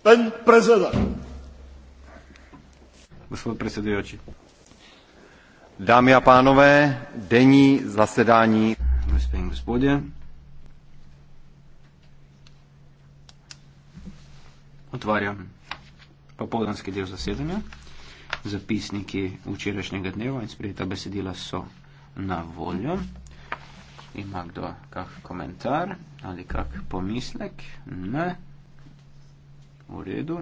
Ten prezident. Gospod predsedujoči. Dámy a pánové, denní zasedání. Gospodin gospodě. Otvárám popolanský děl zasedání. Zapisniki včerajšnjega dneva in sprejeta besedila so na voljo. Ima kdo kak komentar ali kak pomislek? Ne. V redu.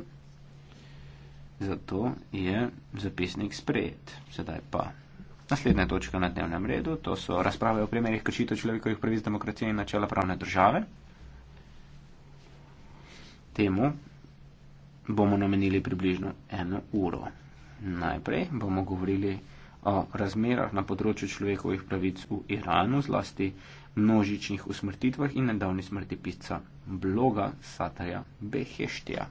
Zato je zapisnik sprejet. Sedaj pa naslednja točka na dnevnem redu. To so razprave o primerih kršitev človekovih pravic demokracije in načela pravne države. Temu bomo namenili približno eno uro. Najprej bomo govorili o razmerah na področju človekovih pravic v Iranu, zlasti množičnih usmrtitvah in nedavni smrti pisca bloga Satarja Beheštija.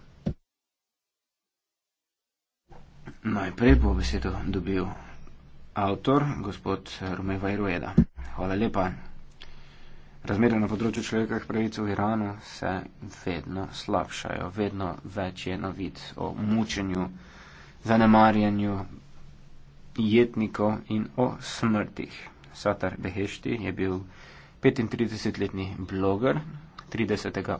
Najprej bo besedo dobil avtor, gospod Rumeva Irueda. Hvala lepa. Razmere na področju človekovih pravic v Iranu se vedno slabšajo, vedno več je na vid o mučenju, zanemarjanju jetnikov in o smrtih. Satar Behešti je bil 35-letni bloger 30.